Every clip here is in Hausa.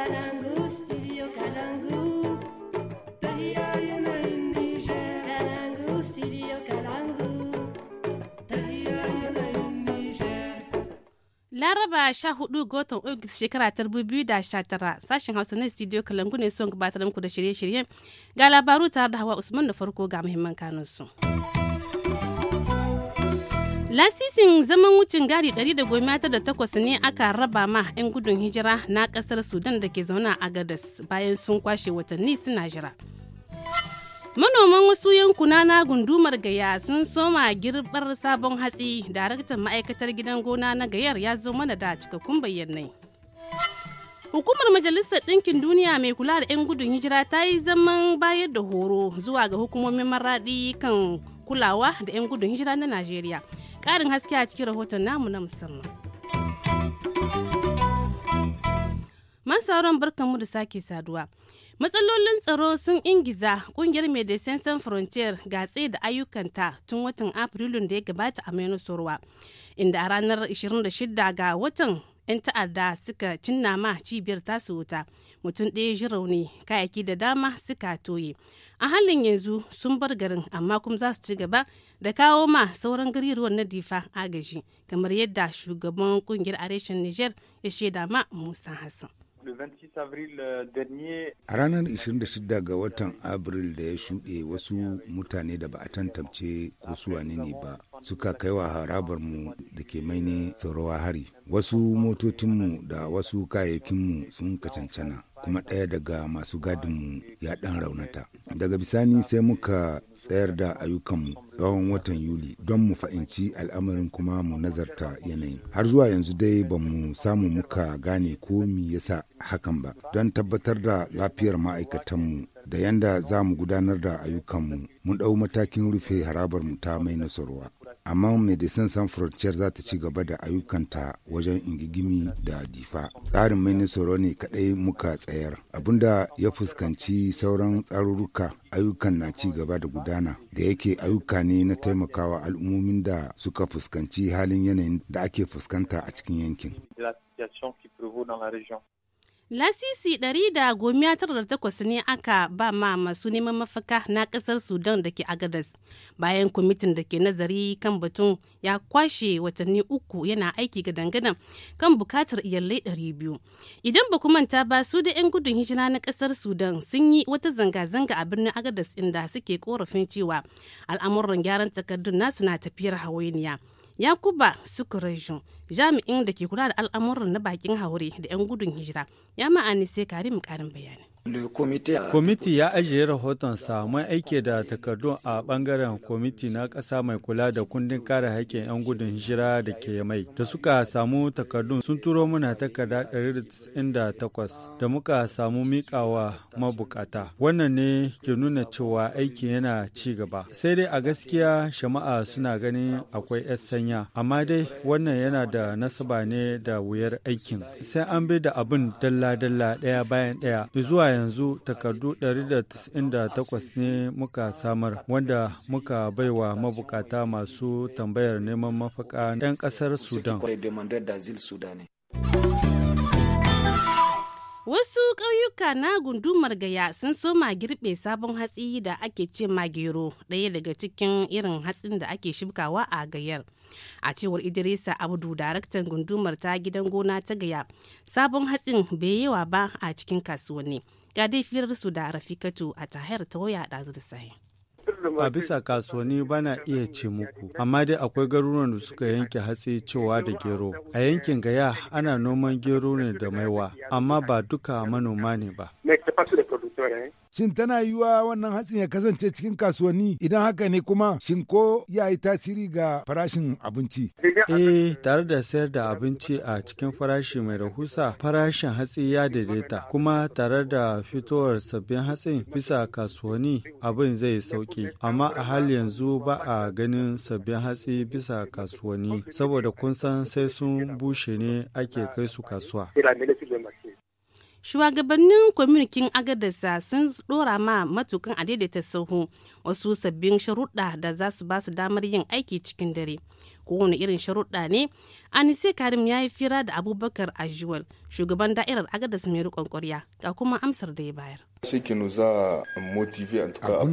Kalangu, studio Kalangu. Tahiya yana yin Niger. Kalangu, studio Kalangu. Tahiya ga Ogis shekara ta tara sashen Hausa na studio Kalangu ne son gabatar muku da shirye-shiryen ga labaru tare da Hawa Usman da farko ga muhimman kanunsu. su. Lasisin zaman wucin gadi 198 ne aka raba ma 'yan gudun hijira na kasar Sudan da ke zauna a Gadas bayan sun kwashe watanni suna jira. Manoman wasu yankuna na gundumar gaya sun soma girbar sabon hatsi, daraktan ma'aikatar gidan gona na gayar ya zo mana da cikakkun bayyanai. Hukumar Majalisar Ɗinkin Duniya mai kula da 'yan gudun hijira ta yi zaman bayar da horo zuwa ga hukumomin maradi kan kulawa da 'yan gudun hijira na Najeriya. karin haske a cikin rahoton namu na musamman. Masauran barkanmu da sake saduwa. Matsalolin tsaro sun ingiza kungiyar Medecins Sans Frontier gatse da ayyukanta tun watan Afrilun da ya gabata a Menosorwa, inda a ranar 26 ga watan 'yan ta'adda suka cinna ma cibiyar tasu wuta mutum ɗaya ji rauni kayaki da dama suka toye a halin yanzu sun bar garin amma kuma za su ci gaba da kawo ma sauran gariruwan na difa agaji kamar yadda shugaban kungiyar areshin niger ya shaida ma musa hassan Euh, a ranar 26 ga watan Abril da ya shuɗe wasu mutane da ba a tantance ko su ne ba suka kaiwa wa harabarmu da ke maini tsorowa hari. Wasu motocinmu da wasu kayayyakinmu sun kacancana kuma ɗaya daga masu gadinmu ya ɗan raunata. Daga bisani sai muka tsayar da ayyukanmu tsawon watan Yuli don mu fahimci al'amarin kuma mu nazarta yanayi Har zuwa yanzu dai ba mu samu muka gane ko mi yasa hakan ba don tabbatar da lafiyar ma'aikatanmu da yanda za mu gudanar da ayyukanmu mun ɗau matakin rufe harabar mu ta mai nasarwa. amma medecin san frontier za ta ci gaba da ayyukanta wajen ingigimi da difa tsarin mai nisoro ne kadai muka tsayar abinda ya fuskanci sauran tsarurruka ayyukan na ci gaba da gudana da yake ayyuka ne na taimakawa al'ummomin da suka fuskanci halin yanayin da ake fuskanta a cikin yankin Lasisi 198 ne aka ba ma masu neman mafaka na kasar Sudan da ke Agadas bayan kwamitin da ke nazari kan batun ya kwashe watanni uku yana aiki ga dangadan kan bukatar iyalai 200. Idan ba manta ba su da 'yan gudun hijira na kasar Sudan sun yi wata zanga-zanga a birnin Agadas inda suke korafin cewa al'amuran gyaran takardun nasu na tafiyar hawainiya. yakuba sukuraju jami'in da ke kula da al'amuran na bakin haure da 'yan gudun hijira ya ma'ani sai karim karin bayani Kwamiti ya ajiye rahoton mai aiki da takardu a bangaren kwamiti na ƙasa mai kula da kundin kare haƙƙin 'yan gudun hijira da ke mai da suka samu takardun sun turo muna takarda 198 da muka samu mikawa mabukata. Wannan ne ke nuna cewa aiki yana ci gaba. Sai dai a gaskiya shama'a suna ganin akwai 'yan sanya, amma dai wannan yana da nasaba ne da wuyar aikin. Sai an bi da abin dalla-dalla ɗaya bayan ɗaya zuwa yanzu takardu 198 ne muka samar wanda muka baiwa mabukata masu tambayar neman mafaka 'yan ƙasar Sudan. Wasu ƙauyuka na gundumar gaya sun soma girbe sabon hatsi da ake ce gero ɗaya daga cikin irin hatsin da ake shibkawa a gayar. A cewar Idrisa Abdu daraktan gundumar ta gidan gona ta gaya, sabon hatsin bai yawa ba a cikin kasuwanni. ga dai firarsu da rafikatu a tahir ta waya ɗazu da sahi. a bisa kasuwanni bana iya ce muku amma dai akwai garuruwan da suka yanke hatsi cewa da gero a yankin gaya ana noman gero ne da maiwa amma ba duka manoma ne ba Shin tana yiwuwa wannan hatsin ya kasance cikin kasuwanni idan haka ne kuma shin ko ya yi tasiri ga farashin abinci? Eh, tare da sayar da abinci a cikin farashi mai rahusa farashin hatsi ya daidaita kuma tare da fitowar sabbin hatsin bisa kasuwanni abin zai sauki amma a hal yanzu ba a ganin sabbin hatsi bisa kasuwanni saboda kun san sai sun bushe ne ake kai su kasuwa. shugabannin kwamitin agadasa sun dora ma matukan a daidaita sahu wasu sabbin sharuɗa da za su ba su damar yin aiki cikin dare kowane irin sharuɗa ne anise karim ya yi fira da abubakar ajiwal shugaban da'irar agadas mai rikon kwarya ga kuma amsar da ya bayar abin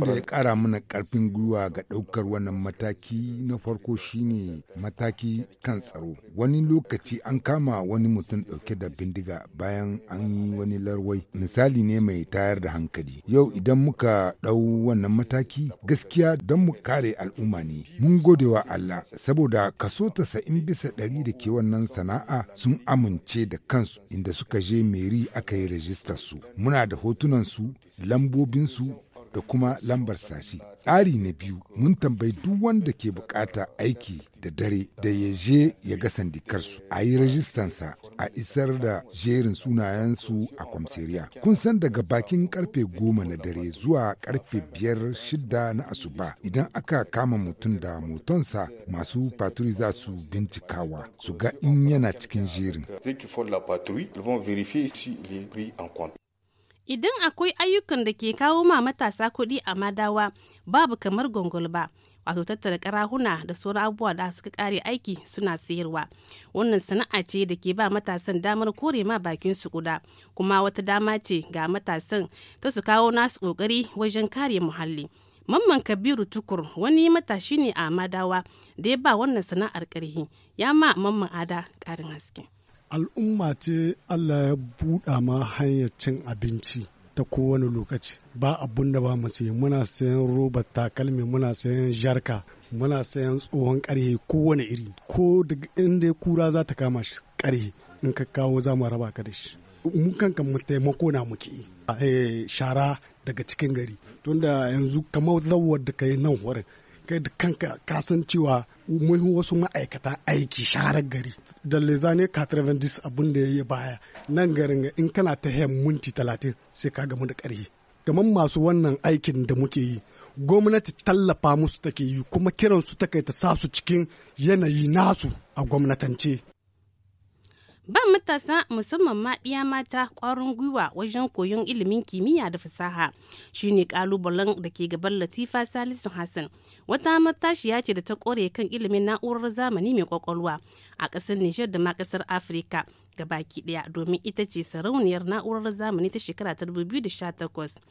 da ya kara mana karfin gwiwa ga daukar wannan mataki na farko shine mataki kan tsaro wani lokaci an kama wani mutum dauke da bindiga bayan an yi wani larwai misali ne mai tayar da hankali yau idan muka dau wannan mataki gaskiya don mu kare al'umma ne mun gode wa allah saboda kaso tasa'in bisa ɗari da ke wannan sana'a sun amince da kansu inda suka je meri aka yi rajistar su. Muna da hotunan su, lambobin su, da kuma lambar sashi. Tsari na biyu mun tambayi duk wanda ke bukata aiki da dare da ya je ya ga sandikarsu a yi rajistansa a isar da jerin sunayensu a kwamseriya. Kun san daga bakin karfe goma na dare zuwa karfe biyar shida na asuba idan aka kama mutum da motonsa masu paturi za su bincikawa su ga in yana cikin jerin. Idan akwai ayyukan da ke kawo ma matasa kuɗi a madawa babu kamar gongol ba. wato tattara karahuna da sauran abubuwa da suka kare aiki suna sayarwa wannan sana'a ce da ke ba matasan damar kore ma bakin su guda kuma wata dama ce ga matasan ta su kawo nasu ƙoƙari wajen kare muhalli mamman kabiru tukur wani matashi ne a madawa da ya ba wannan sana'ar karhi ya ma mamman ada ƙarin haske al'umma ce Allah ya buɗa ma hanyar cin abinci ta kowane lokaci ba abun da ba mu sayi muna sayan roba takalmi muna sayan jarka muna sayan tsohon ƙarhe kowane iri ko daga inda kura za ta kama shi ƙarhe in ka kawo za mu raba ka da shi mun kanka mu taimako na muke eh, shara daga cikin gari tunda yanzu kamar zawar da kai nan wurin kai da kanka ka san cewa muhimmin wasu ma'aikata aiki sharar gari da lezane 90 abin da ya yi baya nan garin in kana ta hayan minti talatin, sai ka gamu da ƙarfi kamar masu wannan aikin da muke yi gwamnati tallafa musu take yi kuma kiransu take ta sa su cikin yanayi nasu a gwamnatance ba matasa musamman ma ɗiya mata ƙwarin gwiwa wajen koyon ilimin kimiyya da fasaha shine ƙalubalen da ke gaban latifa salisu hassan wata matashiya ce da ta ƙware kan ilimin na'urar zamani mai ƙwaƙwalwa a ƙasar nijar da ma ƙasar afirka ga baki ɗaya domin ita ce sarauniyar na'urar zamani ta shekara ta 2018.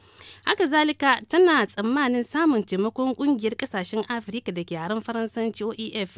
Haka zalika tana tsammanin samun taimakon ƙungiyar ƙasashen Afirka da ke yaren Faransanci OEF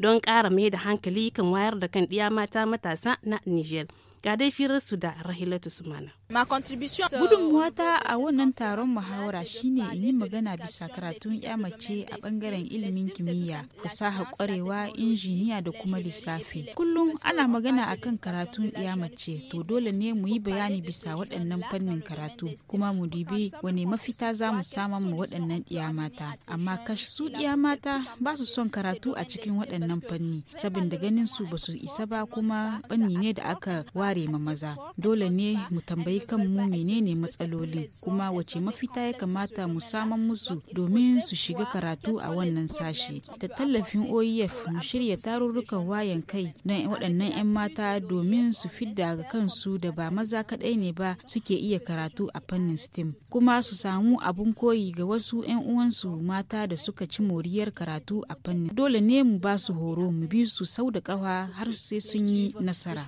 don ƙara mai da hankali kan wayar da kan ɗiya mata matasa na Niger. ga dai firarsu da rahilatu sumana euh, gudunmuwata a wannan taron muhawara shine in yi magana bisa karatun ya mace a bangaren ilimin kimiyya fasaha kwarewa injiniya da kuma lissafi kullum ana magana akan karatun ya mace to dole ne mu yi bayani bisa waɗannan fannin karatu kuma mu dibi wane mafita za mu samar mu waɗannan ya mata amma kash su ya mata ba su son karatu a cikin waɗannan fanni saboda ganin su ba su isa ba kuma fanni ne da aka labari ma maza dole ne mu tambayi kanmu menene matsaloli kuma wace mafita ya kamata mu saman musu domin su shiga karatu a wannan sashi da tallafin oef mu shirya tarurrukan wayan kai don waɗannan 'yan mata domin su fidda ga kansu da ba maza kaɗai ne ba suke iya karatu a fannin stem kuma su samu abun koyi ga wasu 'yan uwansu mata da suka ci moriyar karatu a fannin dole ne mu ba su horo mu bi su sau da ƙafa har sai sun yi nasara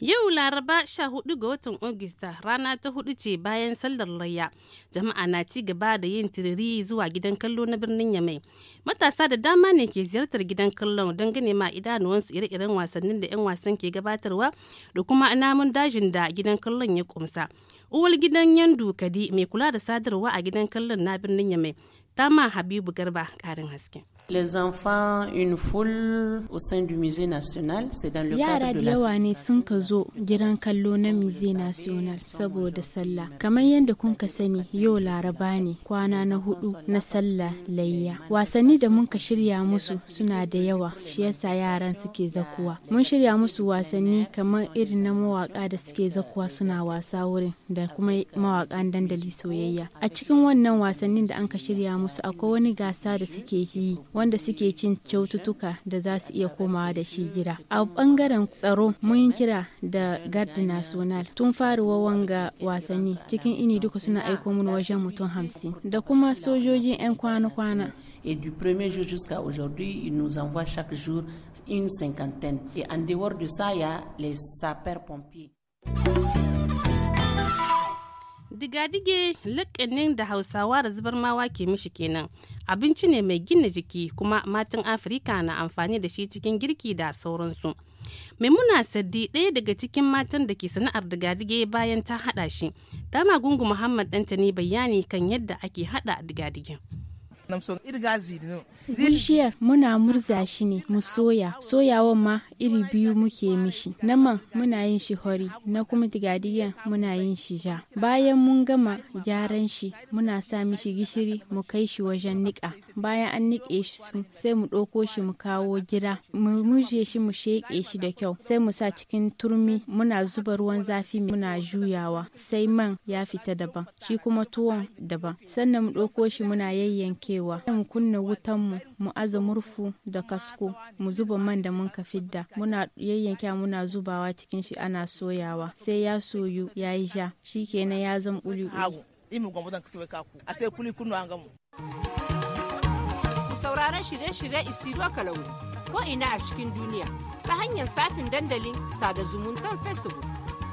Yau Laraba 14 ga watan Agusta rana ta hudu ce bayan sallar layya. Jama'a na ci gaba da yin tiriri zuwa gidan kallo na birnin Yamai. Matasa da dama ne ke ziyartar gidan kallon don gane ma idanuwansu ire-iren wasannin da 'yan wasan ke gabatarwa da kuma namun dajin da gidan kallon ya kumsa. Uwar gidan Yandu Kadi mai kula da sadarwa a gidan kallon na birnin Yamai. Tama Habibu Garba karin haske. Les enfants, une foule au sein du musée national, c'est dans le Yara da yawa ne sun ka zo gidan kallo na musée national saboda sallah. Kamar yadda kun ka sani yau laraba ne kwana na hudu na sallah layya. Wasanni da mun ka shirya musu suna da yawa shi yasa yaran suke zakuwa. Mun shirya musu wasanni kamar irin na mawaka da suke zakuwa suna wasa wurin da kuma mawakan dandali soyayya. A cikin wannan wasannin da an ka shirya musu akwai wani gasa da suke yi wanda suke cin kyaututtuka da za su iya komawa da shi gida a bangaren tsaro mun kira da gardi national tun faruwa wanga wasanni cikin ini duka suna aiko mun wajen mutum hamsin da kuma sojojin 'yan kwana-kwana et du premier jour jusqu'à aujourd'hui, ils nous envoient chaque jour une cinquantaine. Et en dehors de ça, il y a les sapeurs-pompiers. digadige laƙanin da hausawa da zubar mawa ke mishi kenan abinci ne mai gina jiki kuma matan afirka na amfani da shi cikin girki da sauransu mai maimuna sadi ɗaya daga cikin matan da ke sana'ar digadige bayan ta haɗa shi dama magungu muhammad danta ne bayani kan yadda ake haɗa digadigen Bishiyar muna murza shi ne mu soya, soyawan ma iri biyu muke mishi na man muna yin shi hori na kuma tigadiya muna yin shi ja bayan mun gama gyaran shi muna sa mishi gishiri mu kai shi wajen niƙa bayan an niƙe shi su sai mu ɗauko shi mu kawo gida. mu muje shi mu sheƙe shi da kyau sai mu sa cikin turmi muna zuba ruwan zafi muna juyawa sai man ya fita daban shi kuma tuwon daban sannan mu ɗauko shi muna yayyankewa mu kunna wutan mu mu aza murfu da kasko mu zuba man da mun ka fidda muna yayyanka muna zubawa cikin shi ana soyawa sai ya soyu ya yi ja shi kenan ya zama uli Ku sauraron shirye-shirye Istiduwa Kalangu ko ina a cikin duniya ta hanyar safin dandalin sada zumuntar Facebook.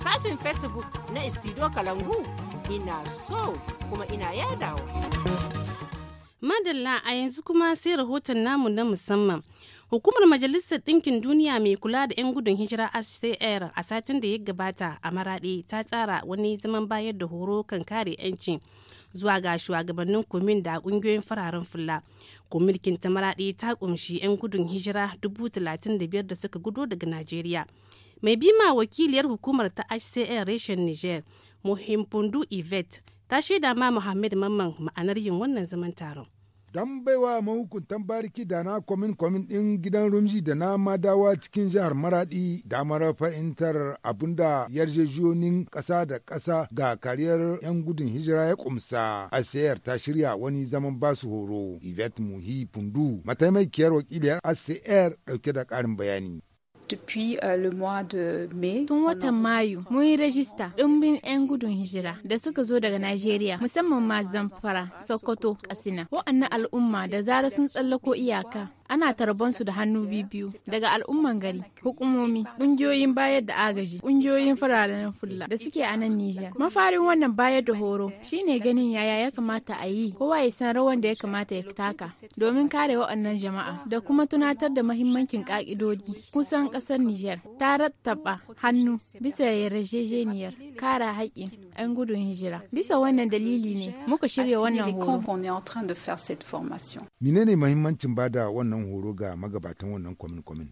Safin Facebook na Istiduwa Kalangu ina so kuma ina yadawa. Madalla a yanzu kuma sai rahoton namu na musamman. Hukumar Majalisar Ɗinkin Duniya mai kula da 'yan gudun hijira HCR a satin da ya gabata a Maraɗe ta tsara wani zaman bayar da horo kan kare 'yanci zuwa ga shugabannin kumin da ƙungiyoyin fararen fulla. Kumilkin ta Maraɗe ta ƙunshi 'yan gudun hijira talatin da biyar da suka gudo daga Najeriya. Mai bima wakiliyar hukumar ta HCR reshen Niger, Muhimpundu Yvette, ta shaida ma Muhammad Mamman ma'anar yin wannan zaman taron. dan baiwa mahukuntan bariki da na kwamin kwamin ɗin gidan rumji da na madawa cikin jihar maradi damar fahimtar abinda yarjejiyonin ƙasa da ƙasa ga kariyar 'yan gudun hijira ya kumsa sayar ta shirya wani zaman basu horo yvette muhi pundu mataimakiyar wakiliyar acr dauke da ƙarin bayani Euh, Tun watan Mayu, mun yi rajista ɗumbin 'yan gudun hijira da suka zo daga Najeriya, musamman ma Zamfara, Sokoto, anna al al'umma da zarar sun tsallako iyaka ana tarban su da hannu biyu daga al'umman gari hukumomi Ƙungiyoyin bayar da agaji kungiyoyin fararen fulla da suke a nan Nijar mafarin wannan bayar da horo shine ganin yaya ya kamata a yi kowa ya san rawan da ya kamata ya taka domin kare waɗannan jama'a da kuma tunatar da mahimmancin ka'idodi kusan ƙasar Nijar ta rattaba hannu bisa yarjejeniyar kare haƙƙin 'yan gudun hijira. Bisa wannan dalili ne muka shirya wannan horo. Menene mahimmancin bada wannan horo ga magabatan wannan kwamin-kwamin?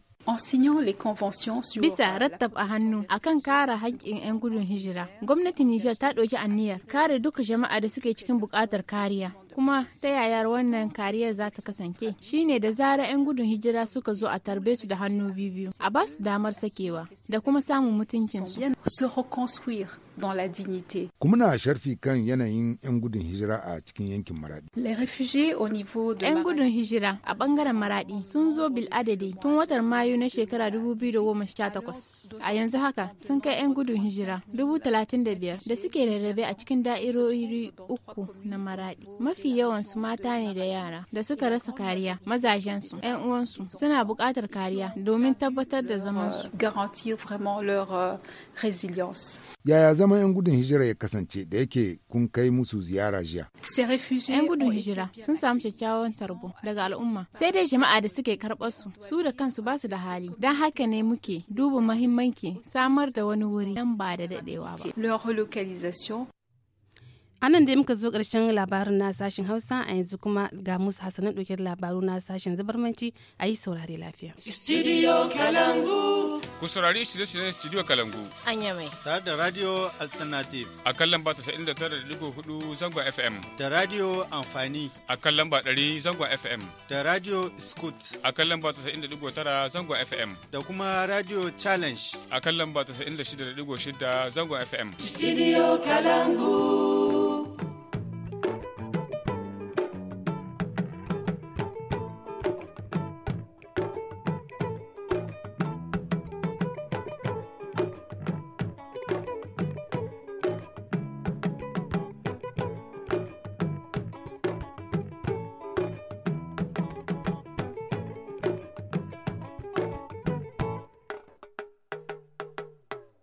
Bisa rattab a hannu akan kara haƙƙin 'yan gudun hijira, gwamnatin Nijar ta ɗauki anniyar kare duka jama'a da suke cikin buƙatar kariya kuma ta yaya wannan kariyar za ta kasance shine da zara 'yan gudun hijira suka zo a tarbe su da hannu biyu a ba su damar sakewa da kuma samun mutuncin dignité. Kuma na sharfi kan yanayin 'yan gudun hijira a cikin yankin Maradi. 'Yan gudun hijira a bangaren Maradi sun zo bil adadi tun watan Mayu na shekara 2018. A yanzu haka sun kai 'yan gudun hijira 35,000 da suke rarrabe a cikin da'irori uku na Maradi. Mafi mafi yawansu mata ne da yara da suka rasa kariya mazajensu 'yan uwansu suna buƙatar kariya domin tabbatar da zamansu. Garantir vraiment euh, Yaya zaman 'yan gudun hijira ya kasance da yake kun kai musu ziyara jiya? 'Yan gudun hijira sun samu kyakkyawan tarbo daga al'umma sai dai jama'a da suke karɓar su su da kansu ba su da hali don haka ne muke duba mahimmanci samar da wani wuri nan ba da dadewa ba. Leur anan dai muka zo ƙarshen labarin na sashen hausa a yanzu kuma ga musu hasanan ɗauke labaru na sashen zubarmanci a yi saurare lafiya studio kalangu ku saurari shirye-shiryen studio kalangu an mai tare da radio alternative a kan lamba hudu zangon fm da radio amfani a kan lamba 100 zangon fm da radio scoot a kan lamba tara zangon fm da kuma radio challenge a kan lamba shida zangon fm studio kalangu